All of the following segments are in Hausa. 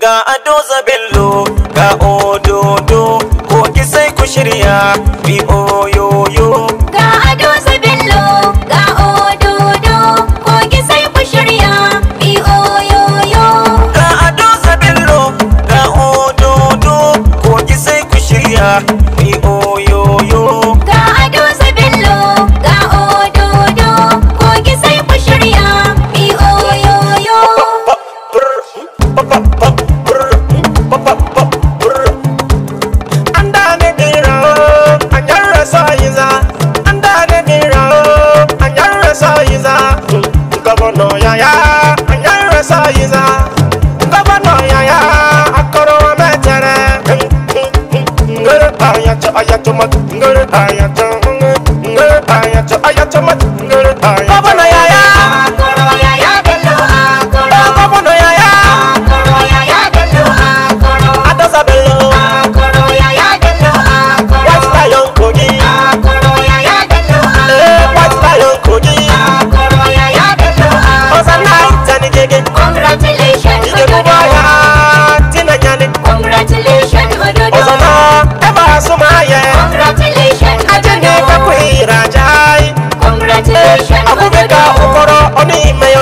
ga ado zabello ga ododo ko kisai sai ku shirya bi oyoyo mat ngare ayacha baba yaya koro yaya bello koro baba na yaya koro yaya bello koro adosa bello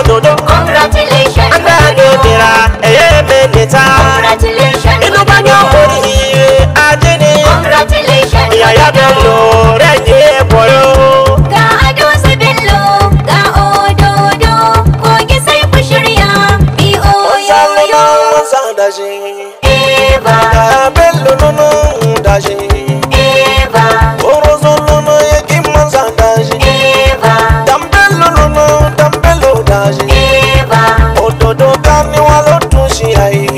No, no. ṣe. òdòdó ká ní wọn ló tún ṣe àyè.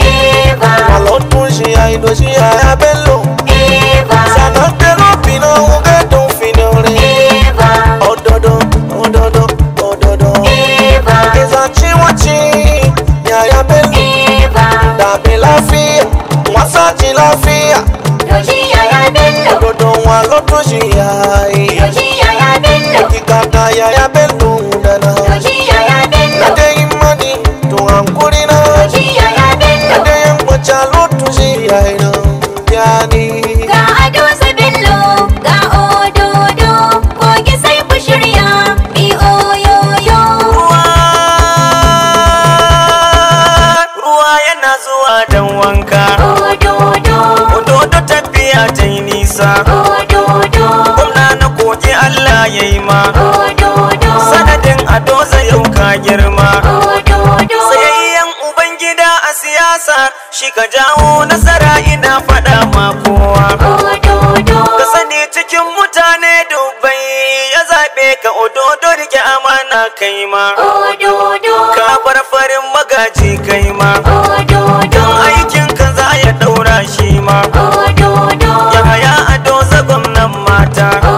wọn ló tún ṣe àyè ló ṣe àyè abẹ́lò. sànàgbẹ́rù bínú ohun kẹ́dùn fínú rẹ̀. òdòdó òdòdó òdòdó. ìzànchíwọ̀nchí ní àyè abẹ́lò. dàbí láfíà wọ́n sáàjì láfíà. lójú yàrá bẹ́ẹ̀ lò. òdòdó wọn ló tún ṣe àyè. lójú yàrá bẹ́ẹ̀ lò. òkìkàkà yàrá bẹ́ẹ̀ lò dáná. lójú Gwamna na koke Allah ya yi ma Sanadin ado yau ka girma Sayayyen Ubangida a siyasa shi ka jawo nasara ina faɗa ma kowa Ka sani cikin mutane dubai ya zaɓe ka ododo rike amana kai ma Ka bar farin magaji kai ma Don aikinka za ya ɗaura shi ma matter.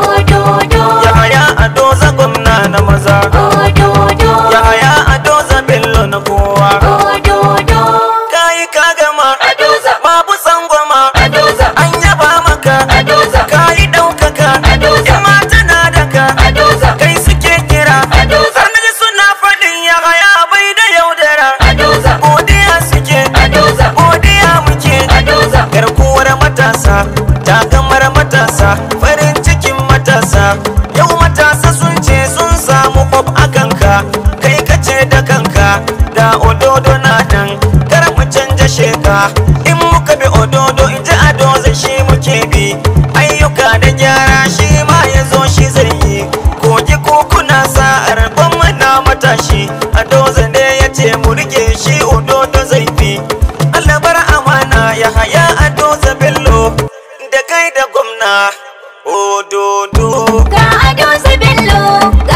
ododo ga ado su bello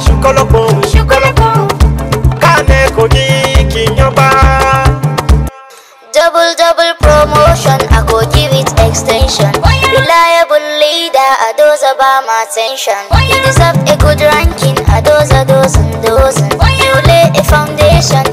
shukoloko shukoloko kane kogi kinyoba double double promotion i go give it extension reliable leader a doza ba my attention you deserve a good ranking a doza dozen dozen you lay a foundation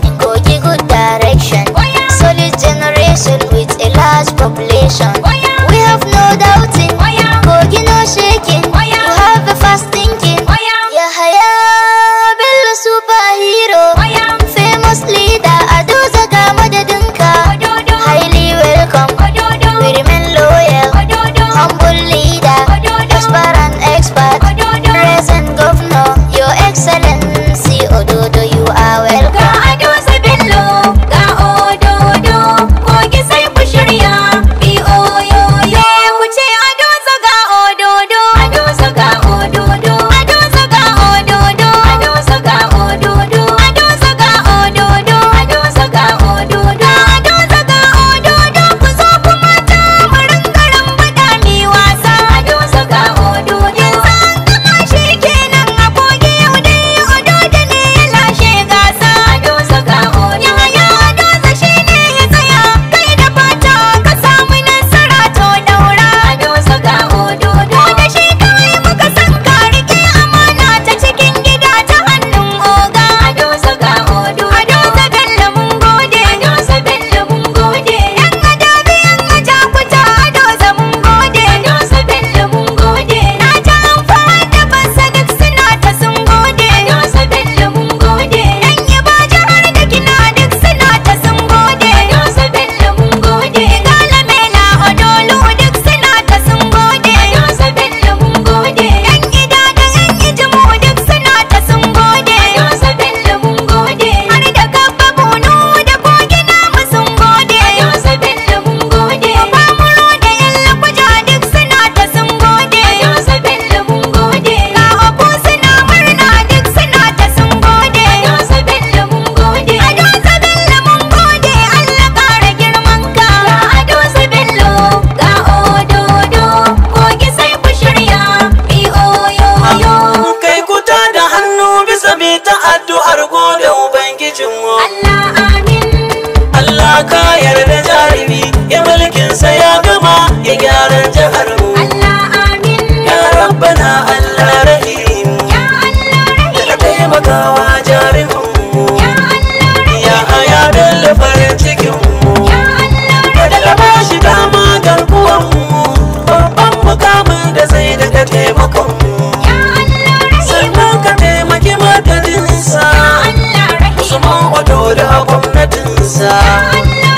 da gwamnatinsa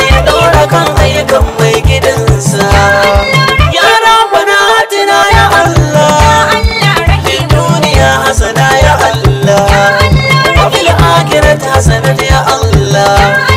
ya ɗora kan ayyukan mai gidansa yara bana hatina ya Allah in duniya hasana ya Allah wa fil akhirati hasanat ya Allah